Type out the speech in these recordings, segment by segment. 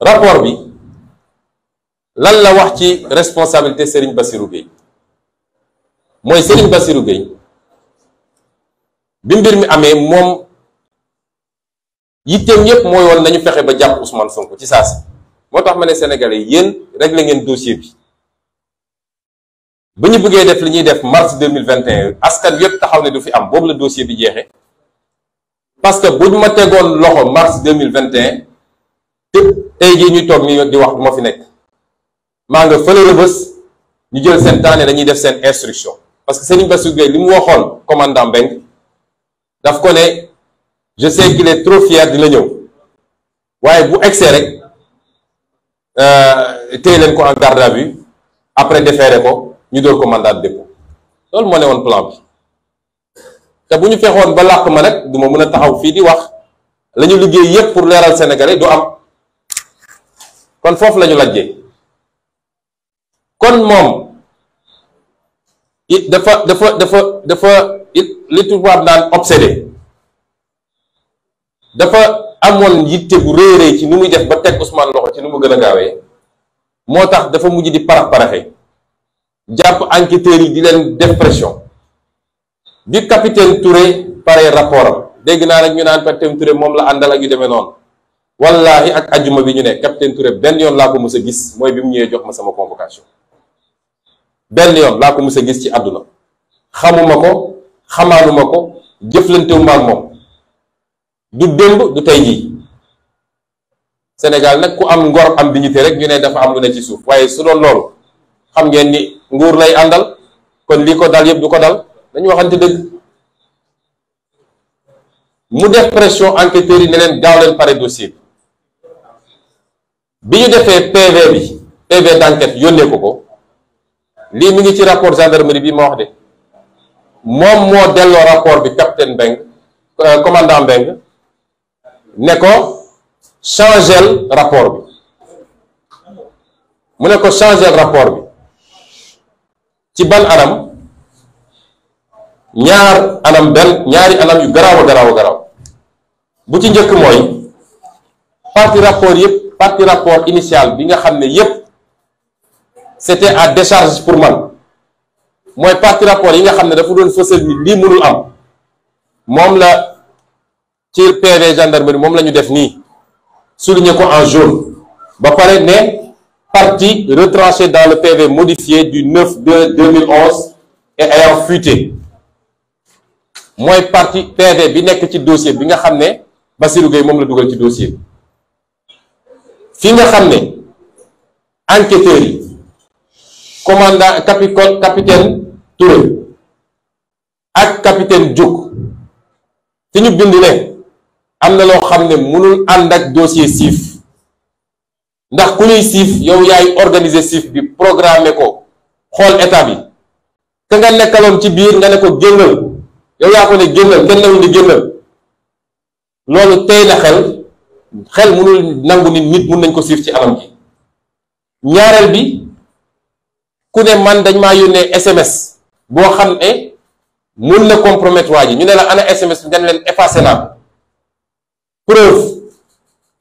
rapport bi lan la wax ci responsabilité Serigne Bassirou Gueye mooy Serigne Bassirou Gueye bi mbir mi amee moom yitteem yépp mooy woon nañu fexe ba jàpp Ousmane Sonko ci saa si moo tax ma ne Sénégalais yéen réglé ngeen dossier bi ba ñu bëggee def li ñuy def mars 2021 askan yépp taxaw ne du fi am boobu la dossier bi jeexee parce que bu ñu ma tegoon loxo mars 2021 te tey jii ñu toog nii di wax moo fi nekk maa nga fële bës ñu jël seen temps ne dañuy def seen instruction parce que Serigne Bassirou Gueye li mu waxoon commandant Mbengue daf ko ne je sais qu'il dina ñëw waaye bu egsee rek euh, téye leen ko en garde à après déféré ko ñu door ko mandat de loolu moo ne woon plan bi te bu ñu fexoon ba làq ma nag du ma mën a taxaw fii di wax la ñu liggéey yëpp pour leeral Sénégalais du am kon foofu lañu lajjee kon moom it dafa dafa dafa dafa it li tubaab daan obsédé dafa amoon yitte bu réeree ci nu muy def ba teg Ousmane loxo ci nu mu gën a gaawee moo tax dafa mujj di parax paraxe jàpp enquêteurs yi di leen def pression bi capitaine Touré pare rapport am dégg naa nag ñu naan capitaine Touré moom la àndal ak yu demee noonu wallahi ak ajjuma bi ñu ne capitaine Touré benn yoon laa ko mës a gis mooy bi mu ñëwee jox ma sama convocation benn yoon laa ko mës a gis ci àdduna xamuma ko xamaanuma ko jëflantewuma ak moom du dëmb du tey jii Sénégal nag ku am ngor am bi dignité rek ñu ne dafa am lu ne ci suuf waaye su doon loolu xam ngeen ni nguur lay àndal kon lii ko dal yëpp du ko dal dañu waxante dëgg mu def pression enquêteurs yi ne leen gaaw leen pare dossier bi ñu defee PV bi PV d'enquête yónnee ko ko lii mi ngi ci rapport gendarmerie bi ma wax de moom moo delloo rapport bi capitaine Mbeng euh, commandant Mbeng ne ko changel rapport bi mu ne ko bi ci ban anam ñaar anam benn ñaari anam yu garaaw a garaaw bu ci njëkk mooy parti rapport yépp partie rapport initial bi nga xam ne yépp c'était à décharge pour man mooy parti rapport yi nga xam ne dafa doon fësal ni lii mënul am moom la ci PV gendarmerie moom la ñu def nii souligner ko en jaune ba pare ne partie retranchée dans le PV modifier du 9 2 2011 et ayant fuité mooy parti PV bi nekk ci dossier bi nga xam ne Bassirou Gueye moom la dugal ci dossier bi fi nga xam ne enquêteurs yi commandant capicole capitaine Touré ak capitaine Diouk fi ñu bind ne am na loo xam ne mënul ànd ak dossier siif ndax ku ñuy siif yow yaay organiser siif bi programme ko xool état bi ka nga nekkaloon ci biir nga ne ko génnal yow yaa ko ne génnal kenn newul di génnal loolu tey na xel xel mënul nangu nit nit mun nañ ko siif ci anam gi ñaareel bi ku ne man dañ maa yónnee SMS boo xam ne mun na compromettre ji ñu ne la ana SMS bi nga ne leen effacé naa preuve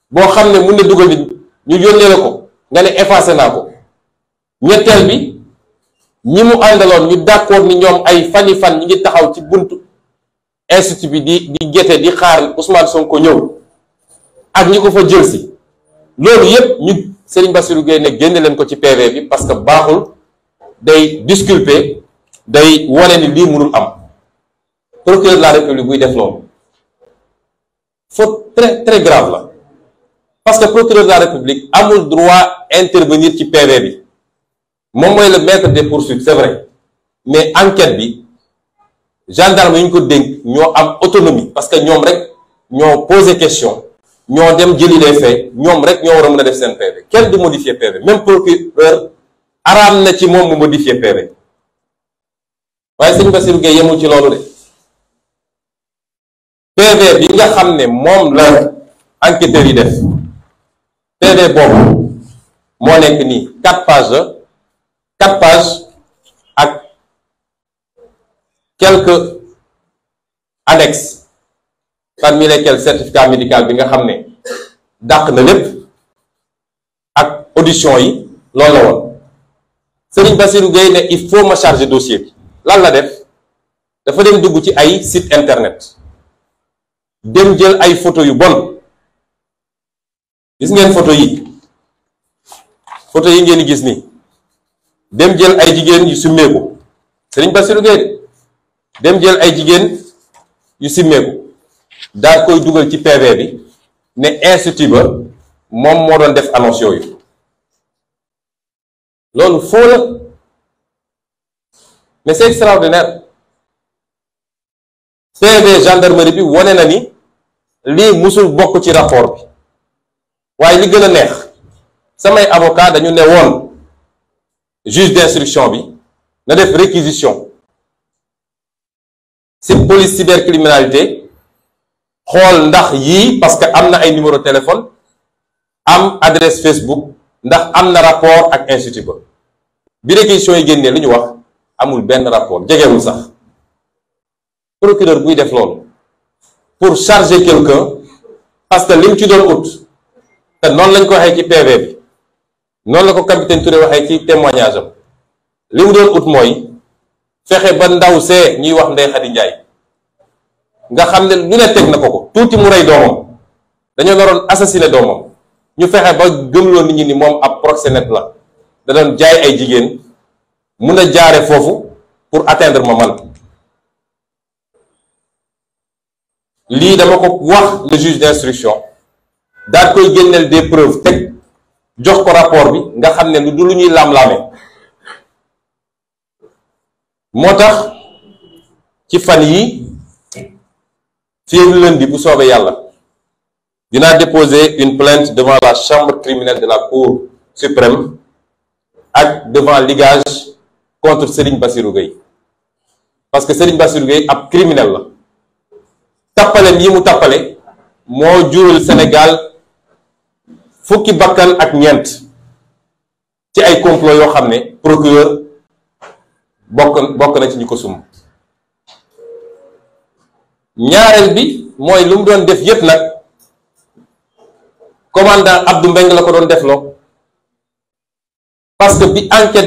boo xam ne mun na dugal nit ñu yónnee la ko nga ne effacé naa ko ñetteel bi ñi mu àndaloon ñu d'accord ni ñoom ay fani fan ñi ngi taxaw ci bunt institut bi di di di xaar Ousmane Sonko ñëw. ak ñi ko fa jël si loolu yépp ñu Serigne Bassirou Gueye ne génne leen ko ci PV bi parce que baaxul day disculper day wane ni lii mënul am procureur la république buy def loolu faute très très grave la parce que procureur de la république amul droit intervenir ci PV bi moom mooy le maître des poursuites c'est vrai mais enquête bi gendarme yi ko dénk ñoo am autonomie parce que ñoom rek ñoo poser question ñoo dem jëli les faits ñoom rek ñoo war a mën a def seen PV kenn du modifier PV même procureur araam na ci moom mu modifier PV waaye sëñ Bassirou Gueye yemul ci loolu de PV bi nga xam ne moom la enquêteurs yi def PV boobu moo nekk nii quatre pages quatre pages ak quelques annexes parmi lesquels certificat médical bi nga xam ne dàq na lépp ak audition yi loolu la woon Serigne Bassirou Gueye ne il faut ma charger dossier bi lan la def dafa dem dugg ci ay site internet dem jël ay photo yu bon gis ngeen photo yi photo yi ngeen gis ni dem jël ay jigéen yu simmeeku Serigne Bassirou Gueye dem jël ay jigéen yu simmeeku daal koy dugal ci PV bi ne institut moom moo doon def annonce yooyu loolu faux la mais c'est extraordinaire PV gendarmerie bi wane na ni lii musul bokk ci rapport bi waaye li gën a neex samay avocat dañu ne woon juge d'instruction bi na def réquisition ci police cybercriminalité xool ndax yii parce que am na ay numéro téléphone am adresse Facebook ndax am na rapport ak institut ba bi réquisition yi génnee lu ñu wax amul benn rapport jegewul sax procureur buy def loolu pour charger quelqu'un parce que lim ci doon ut te noonu lañ ko waxee ci PV bi noonu la ko capitaine Touré waxee ci témoignage am li mu doon ut mooy fexe ba ndaw see ñuy wax Ndeye Khady Ndiaye nga xam ne lu ne teg na ko ko tuuti mu rey doomam dañoo naroon assassiné doomam ñu fexe ba gëmloo nit ñi ni moom ab proxénète la da doon jaay ay jigéen mun a jaare foofu pour atteindre ma man lii dama ko wax le juge d'instruction daal koy génneel des preuves teg jox ko rapport bi nga xam ne du lu ñuy laam-laame moo tax ci fan yi leen bi bu soobee yàlla dinaa déposer une plainte devant la chambre criminelle de la cour suprême ak devant ligage contre Serigne Bassirou Gueye parce que Serigne Bassirou Gueye ab criminel la tappaleem yi mu tappale moo jural Sénégal fukki bakkan ak ñeent ci ay complot yoo xam ne procureur bokk bokk na ci ñu ko sum ñaareel bi mooy lu mu doon def yépp nag commandant Abdou Mbengue la ko doon defloo parce que bi enquête